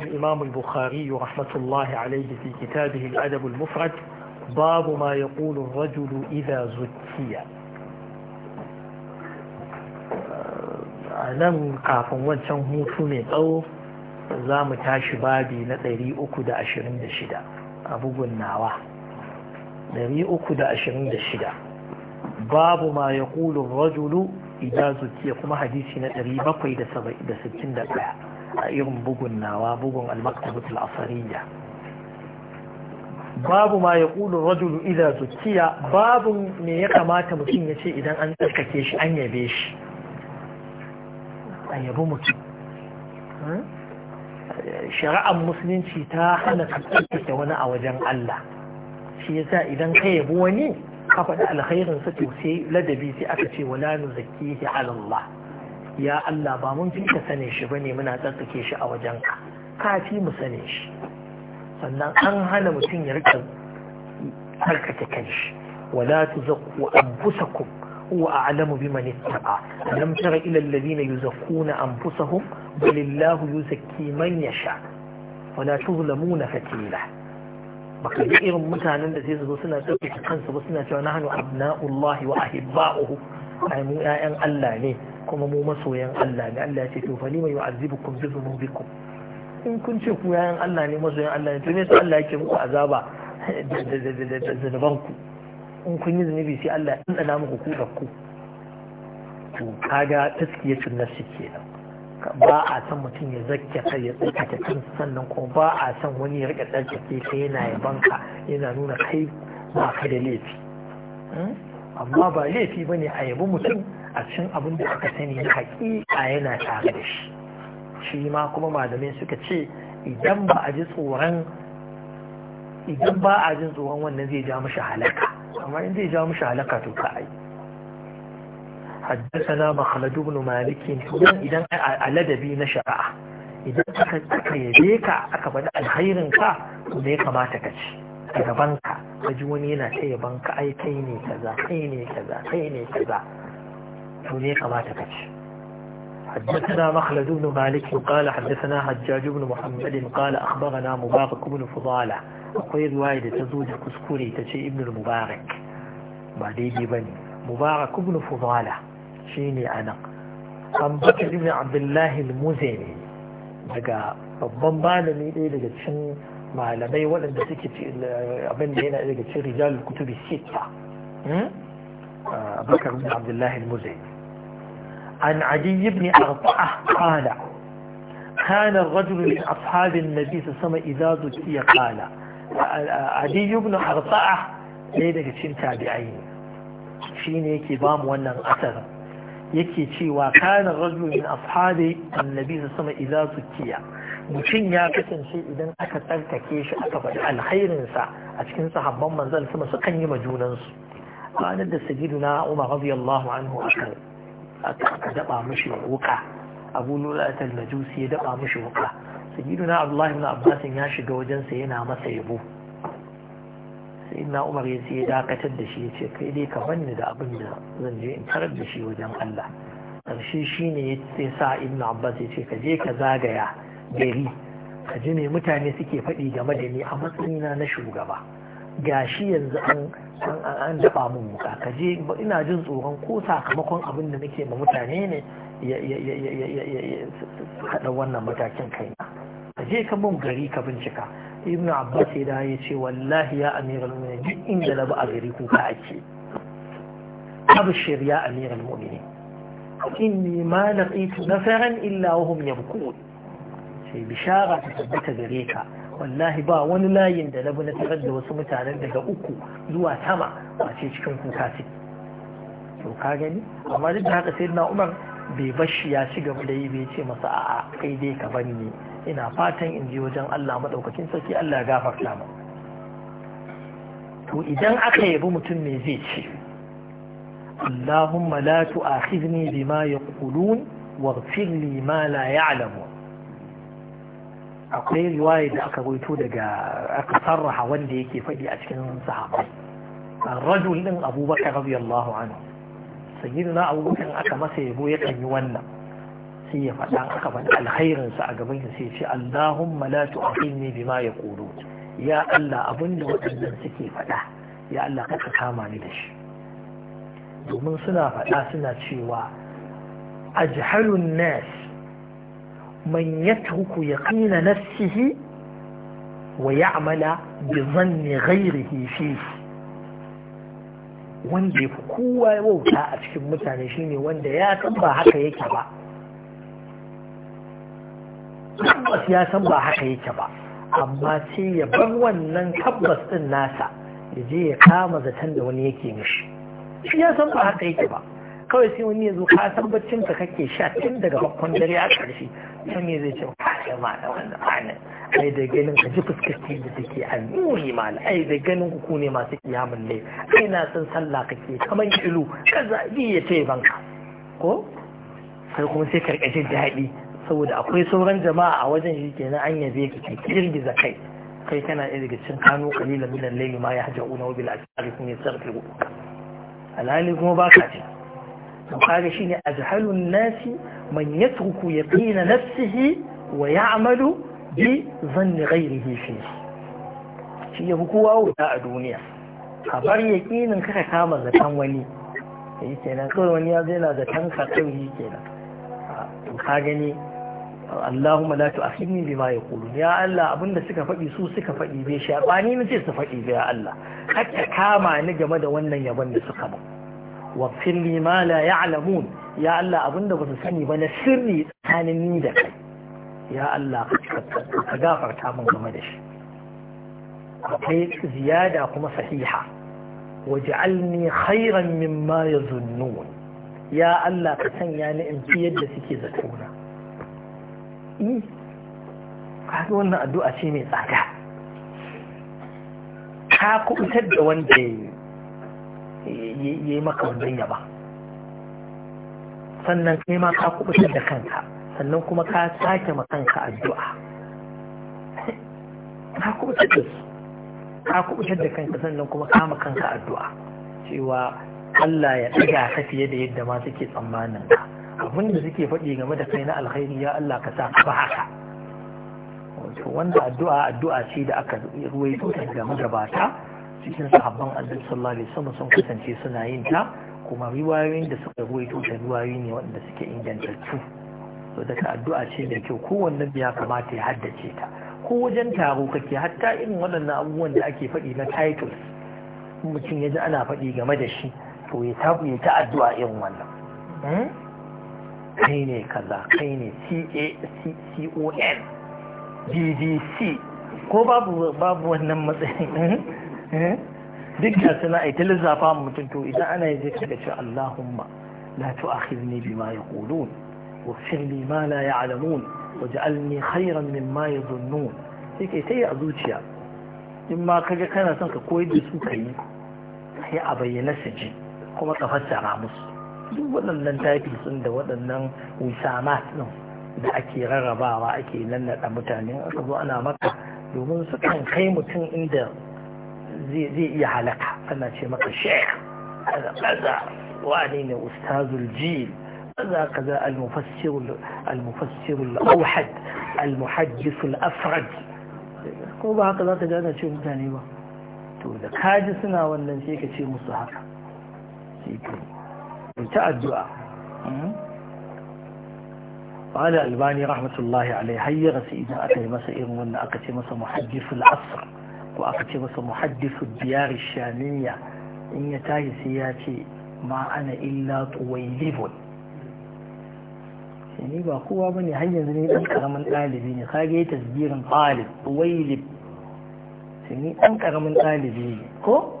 الإمام البخاري رحمة الله عليه في كتابه الأدب المفرد باب ما يقول الرجل إذا زكي nan kafin wancan hutu mai tsawo za mu tashi babi na 326 a bugun nawa 326 babu ma ya kulun rajulu idan zuciya kuma hadisi na 761 a irin bugun nawa bugun al-maktabatul asariya babu ma ya ƙulun rajulu idan zukiya babu me ya kamata mutum ya ce idan an tsarkake shi an yabe shi a yabi mutum shari'ar musulunci ta hana tsarkake wani a wajen Allah shi yasa idan ka yabi wani ka faɗi alkhairin sa to sai ladabi sai aka ce wala nuzakihi ala Allah ya Allah ba mun fi ka sane shi bane muna tsarkake shi a wajenka ka fi mu sane shi sannan an hana mutum ya rika tsarkake shi wala tuzakku anfusakum هو أعلم بمن اتقى na تر إلى الذين يزكون أنفسهم بل الله يزكي من يشاء ولا تظلمون فتيلة baka ji irin mutanen da sai su zo suna ɗauke kansu ba suna cewa nahnu abna'ullahi wa ahibba'uhu ai mu ƴaƴan Allah ne kuma mu masoyan Allah ne Allah ya ce to fa lima yu'azzibukum bi dhunubikum in kun ce ku yayan Allah ne masoyan Allah ne to me yasa Allah yake muku azaba da zunubanku in kun yi zunubi sai Allah ya dana muku ku ku to kaga taskiyatun nafsi kenan ba a san mutum ya zakke kai ya tsakake kan sannan ko ba a san wani ya rika tsakake kai yana ya banka yana nuna kai ba ka da laifi hmm? amma ba laifi bane a yabi mutum a cin abin da aka sani na haƙiƙa yana tare da shi shi ma kuma malamai suka ce idan ba a ji tsoron idan ba a jin tsoron wannan zai ja mashi halaka amma in zai ja mashi halaka to ka ai bin مخلد idan a ladabi na shari'a. idan aka yabe ka aka faɗi alhairin ka to me ya kamata ka ci a gaban ka ka ji wani yana ta yaban ka ai kai ne kaza kai ne kaza kai ne kaza تولي قماتك حدثنا مخلد بن مالك قال حدثنا حجاج بن محمد قال أخبرنا مبارك بن فضالة akwai ruwaya da ta zo da kuskure ta ce ibn mubarak ba daidai ba ne mubarak ibn fudala shi ne a abdullahi daga babban malami ɗaya daga cikin malamai waɗanda suke abin da yana daga cikin rijal kutubi sita بكر بن عبد الله المزعي عن عدي بن أرطعة قال كان الرجل من أصحاب النبي صلى الله عليه وسلم إذا ذكي قال عدي بن أرطعة ليلة كتشين تابعين شين يكي بام وانا أثر يكي شي وكان الرجل من أصحاب النبي صلى الله عليه وسلم إذا ذكي mutum ya kasance idan aka tsarkake shi aka faɗi alkhairinsa a cikin sahabban manzan sama su kan yi majunansu ranar da sajidu na umar radiyallahu anhu aka daba mashi wuka abu lulatar najusi ya daba mashi wuka sajidu na abdullahi ibn Abbas ya shiga wajensa yana masa yabo sai na umar ya ya dakatar da shi ya ce kai dai ka bani da abin da zan je in tarar da shi wajen allah karshe shi ne ya sa ibn abbas ya ce ka je ka zagaya gari ka ji me mutane suke faɗi game da ni a matsayina na shugaba gashi yanzu an an dafa mun wuka ka je ina jin tsoron ko sakamakon abin da nake ma mutane ne haɗa wannan matakin kaina ka je ka mun gari ka bincika ibn abbas ya da ya ce wallahi ya amiral mu'minin duk inda na ba a gari kuka ake abshir ya amiral mu'minin inni ma laqitu nasaran illa wa yabkun sai bishara ta tabbata gare ka wallahi ba wani layin da labu na tarar da wasu mutanen daga uku zuwa sama a ce cikin kuka ce to ka gani amma duk da haka sai na umar bai bashi ya ci gaba da yi bai ce masa a'a kai dai ka bani ne ina fatan in je wajen Allah madaukakin sarki Allah ya gafarta mu to idan aka yabi mutum me zai ci? Allahumma la tu'akhidni bima yaqulun waghfir li ma la ya'lamun akwai riwaya da aka waito daga aka sarraha wanda yake faɗi a cikin sahabai rajul ɗin abubakar radiyallahu anhu na abubakar aka masa yabo ya yi wannan sai ya faɗa aka faɗi sa a gaban shi sai ce Allahumma la tu'akhidni bima yaqulu ya Allah abinda waɗannan suke faɗa ya Allah ka kama ni da shi domin suna faɗa suna cewa ajhalun nas من يترك يقين نفسه ويعمل بظن غيره فيه wanda ya fi kowa wauta a cikin mutane shine wanda ya san ba haka yake ba tabbas ya san ba haka yake ba amma sai ya bar wannan tabbas din nasa ya je ya kama zaton da wani yake mishi shi ya san ba haka yake ba kawai sai wani ya zo ka san baccin ka kake sha tun daga bakon dare a ƙarshe sai ne zai ce ka ma da wannan anan ai da ganin ka ji fuskaci da take a nuni mal ai da ganin ku ne masu kiyamun ne ai na san sallah kake kaman ilu ka zabi ya ce banka ko sai kuma sai karka ji daɗi saboda akwai sauran jama'a a wajen shi kenan an yabe ka ke kirgiza kai kai kana ɗaya daga kano kalilan minan laili ma ya haja'una wa bil asari kun yasarfi alhali kuma ba ka ce وقال شيني أجهل الناس من يترك يقين نفسه ويعمل بظن غيره فيه shi ya fi kowa wuta a duniya a bar yaƙinin kaka kama zaton wani yi kenan kawai wani ya zai na kawai yi kenan to ka gani Allahumma la tu'akhidni bima yaqulun ya Allah abinda suka faɗi su suka faɗi bai shabani ni ce su faɗi bai ya Allah hakka kama ni game da wannan yabon da suka ba waɗin limala ya alamun ya Allah abinda ba su sani ba na sirri tsakanin ni da kai ya Allah ka gafarta min game da shi akwai ziyada kuma sahiha waj'alni khairan mimma yazunnun ya Allah ka sanya ni in ci yadda suke zato na in ka ga wannan addu'a ce mai tsada ka kubutar da wanda yi maka ya ba sannan kai ma ka kubutar da kanka sannan kuma ka sake ma kanka addu'a ka kubutar da su ka kubutar da kanka sannan kuma ka ma kanka addu'a cewa Allah ya ɗaga ka fiye da yadda ma suke tsammanin ka abin da suke faɗi game da kai na alkhairi ya Allah ka sa ba haka wanda addu'a addu'a ce da aka ruwaito daga magabata cikin sahabban annabi sallallahu alaihi wasallam sun kasance suna yin ta kuma riwayoyin da suka ruwaito ta riwayoyi ne wanda suke inganta ingantattu to daga addu'a ce da kyau kowanne ya kamata ya haddace ta ko wajen taro kake hatta irin waɗannan abubuwan da ake faɗi na titles mutum ya ji ana faɗi game da shi to ya ta ya ta addu'a irin wannan hmm? kai ne kaza kai ne C C A O N d C? ko babu babu wannan matsayin hmm? Eh? duk da suna ai lissafa mutum to idan ana yi zai kaga ce Allahumma la tu'akhidni bima yaqulun واغفر لي ما لا يعلمون واجعلني خيرا مما يظنون sai kai sai a zuciya in ma kaga kana son ka koyar da su kai sai a bayyana su ji kuma ka fassara musu duk waɗannan tafi sun da waɗannan usama ɗin da ake rarrabawa ake nannaɗa mutane aka zo ana maka domin su kan kai mutum inda زي زي يا يعلق أنا شيء مثل شيخ هذا كذا وأنا أستاذ الجيل كذا كذا المفسر المفسر الأوحد المحدث الأفرج كم بعض الأوقات أنا شيء مثاني بقى تقول لك هذا وانا ولا شيء كشيء مصحح انت الدعاء أمم. قال الباني رحمة الله عليه هيا غسي إذا أتى مسائر من أقتي محدث العصر ko aka ce masa muhaddisu diyar shamiya in ya tashi sai ya ce ma ana illa tuwailibun ni ba kowa bane har yanzu ne ɗan karamin ɗalibi ne yi tasbirin ɗalib tuwailib sai ni ɗan karamin ɗalibi ne ko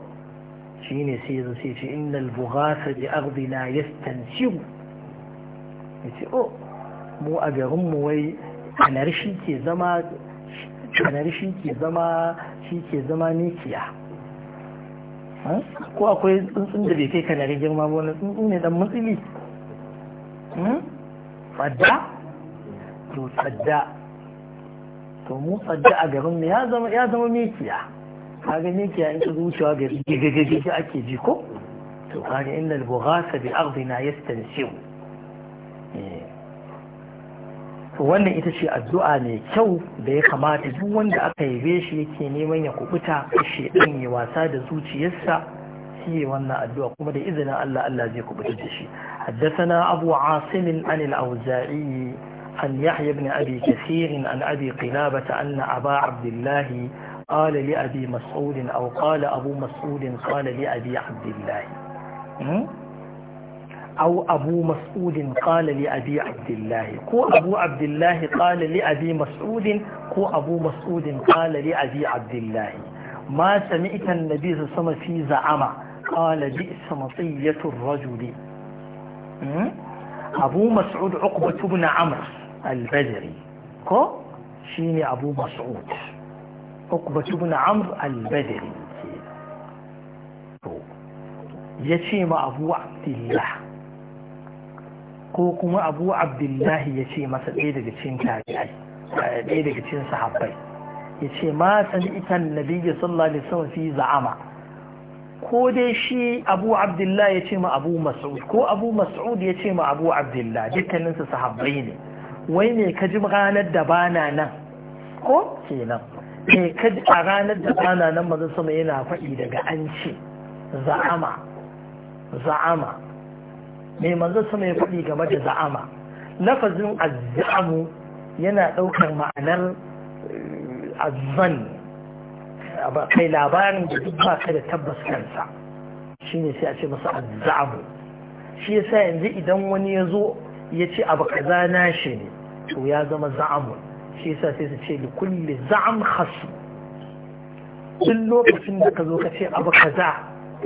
ne sai yanzu sai ce innal bughasa bi ardina yastansibu yace oh mu a garinmu wai anar shi ke zama canari shi ke zama shi ke zama nikiya ko akwai tsuntsun da bai kai kanari girma ba wani tsuntsun ne dan matsili hmm? fadda to fadda to mu fadda a garin mu ya zama ya zama kaga mikiya in ta zuciya gari gagagagaga ake ji ko to kaga inda bughasa bi ardina yastansiu eh to wannan ita ce addu'a mai kyau da ya kamata duk wanda aka yabe shi yake neman ya kubuta shi ɗin ya wasa da zuciyarsa shi wannan addu'a kuma da izinin Allah Allah zai kubuta da shi haddathana abu asim an al-auza'i an yahya ibn abi kathir an abi qilabah anna aba abdullah قال لأبي مسعود أو قال أبو مسعود قال لأبي عبد الله أو أبو مسعود قال لأبي عبد الله كو أبو عبد الله قال لأبي مسعود كو أبو مسعود قال لأبي عبد الله ما سمعت النبي صلى الله عليه وسلم في زعم قال بئس مطية الرجل أبو مسعود عقبة بن عمرو البدري كو شيني أبو مسعود عقبة بن عمرو البدري يتيم أبو عبد الله ko kuma abu abdullahi ya ce masa ɗaya daga cikin tabi'ai ɗaya daga cikin sahabbai ya ce ma san itan nabiyyi sallallahu alaihi wasallam fi za'ama ko dai shi abu abdullahi ya ce ma abu mas'ud ko abu mas'ud ya ce ma abu abdullahi dukkanin su sahabbai ne wai ne ka ji ranar da bana nan ko kenan ne ka ji a ranar da bana nan mazan sama yana faɗi daga an ce za'ama za'ama mai manzo sama ya faɗi game da za'ama lafazin azzamu yana ɗaukar ma'anar eh, azzan kai labarin da duk ba ka da tabbas kansa shine sai a ce masa azzamu shi yasa yanzu idan wani ya zo ya ce abu kaza na shi ne to ya zama za'amu. shi yasa sai su ce li kulli za'am hasu. duk lokacin da ka zo ka ce abu kaza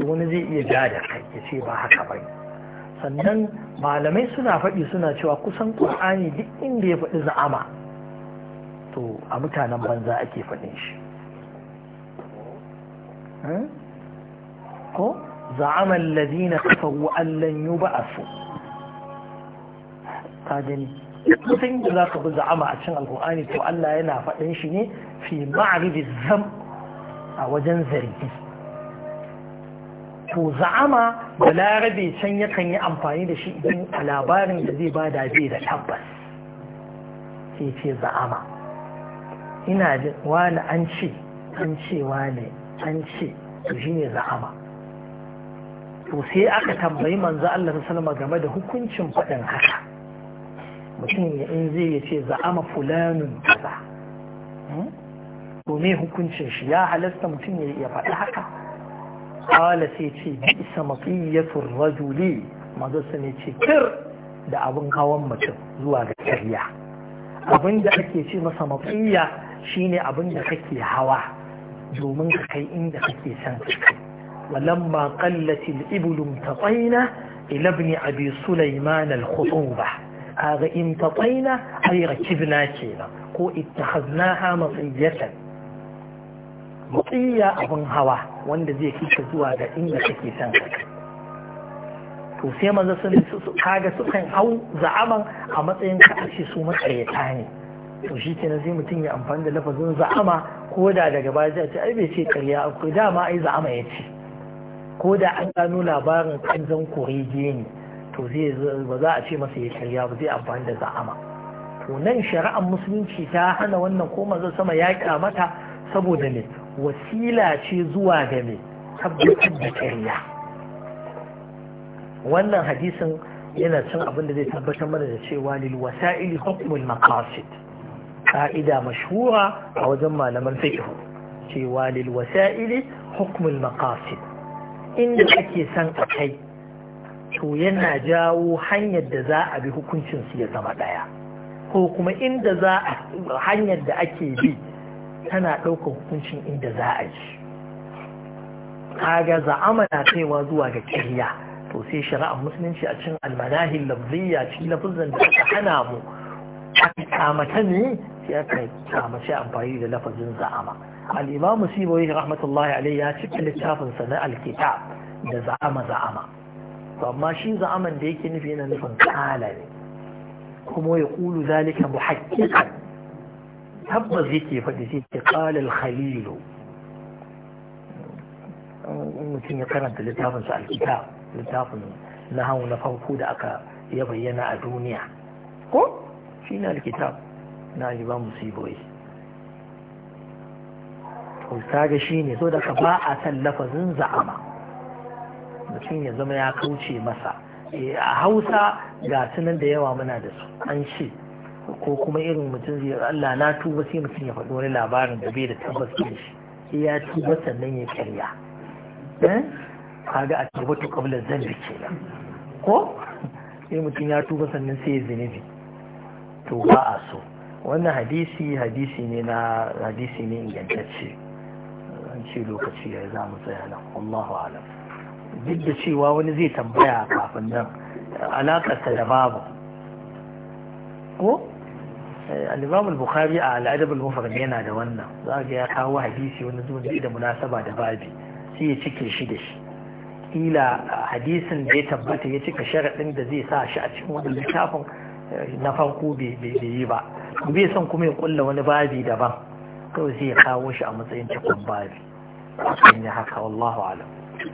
wani zai iya ja da kai ya ce ba haka bai sannan malamai suna faɗi suna cewa kusan ƙur'ani duk inda ya faɗi za'ama to a mutanen banza ake faɗin shi eh? ko za'ama allazina kafaru an lan yub'asu ka gani kusan za ka bi za'ama a cikin alƙur'ani to Allah yana faɗin shi ne fi ma'arifi zam a wajen zargi to za'ama da larabe can yakan yi amfani da shi idan a labarin da zai bada zai da tabbas sai ce za'ama ina da wani an ce an ce wani an ce to shi ne za'ama to sai aka tambayi manzo Allah sallama game da hukuncin faɗin haka mutum ya in zai ya ce za'ama fulanun kaza hmm? to me hukuncin shi ya halasta mutum ya faɗi haka قال سيتي بئس مطية الرجل manzo su ne ce kir da abin hawan mutum zuwa ga karya abin da ake ce masa mafiya shine abin da kake hawa domin ka kai inda kake son kai walamma qallatil iblum taqaina ila ibn abi sulaiman al khutuba kaga in taqaina ay rakibna kenan ko ittakhadnaha mafiyatan buƙiyya abin hawa wanda zai kika zuwa da inda kake son to sai maza sun kaga sukan hau za'aman a matsayin ka kashe su matsayata ne to shi kenan sai mutum ya amfani da lafazin za'ama ko da daga baya zai ce ai bai ce karya akwai dama ai za'ama ya ce ko da an gano labarin kanzan kore ne to zai ba za a ce masa ya karya ba zai amfani da za'ama to nan shari'ar musulunci ta hana wannan ko maza sama ya mata saboda ne wasila ce zuwa ga mai tabbatar da ƙarya wannan hadisin yana cin abin da zai tabbatar mana da cewa lil wasa'ili hukmul maqasid ka'ida mashhura a wajen malaman fiqh cewa lil wasa'ili hukmul maqasid inda ake san a kai to yana jawo hanyar da za a bi hukuncin su ya zama daya ko kuma inda za a hanyar da ake bi tana ɗaukar hukuncin inda za a ji kaga za'ama na kaiwa zuwa ga kirya to sai shari'ar musulunci a cin almanahin lafziya cikin lafizan da aka hana mu a kamata ne sai aka kamace amfani da lafazin za'ama al'imamu siboyi rahmatullahi alai ya cika littafin sa na alkitab da za'ama za'ama to amma shi za'aman da yake nufi yana nufin kala ne kuma ya kulu zalika muhaqqiqan tabbas yake faɗi sai ke ƙalal khalilu mutum ya karanta littafin sa alkita littafin na hau na farko da aka ya bayyana a duniya ko shi ne alkitab na alibamu siboyi ga shi ne so ka ba a san lafazin za'ama mutum ya zama ya kauce masa eh, a hausa ga sunan da yawa muna da su an ce ko kuma irin mutum zai Allah na tuba sai mutum ya faɗi wani labarin da bai da tabbas ɗin shi ya tuba sannan ya karya eh? kaga a tubatu kabla ke nan, ko sai mutum ya tuba sannan sai ya zunubi to ba a so wannan hadisi hadisi ne na hadisi ne ingantacce an ce lokaci ya za mu tsaya nan Allahu alam duk da cewa wani zai tambaya kafin nan alaƙarsa da babu ko al-imam bukhari a al-adab yana da wannan za ga ya kawo hadisi wani zuwa da munasaba da babi sai ya cike shi da shi ƙila hadisin da ya tabbata ya cika sharaɗin da zai sa shi a cikin wani littafin eh, na farko bai yi ba bai son kuma ya kulla wani babi daban kawai sai ya kawo shi a matsayin cikin babi in haka wallahu alam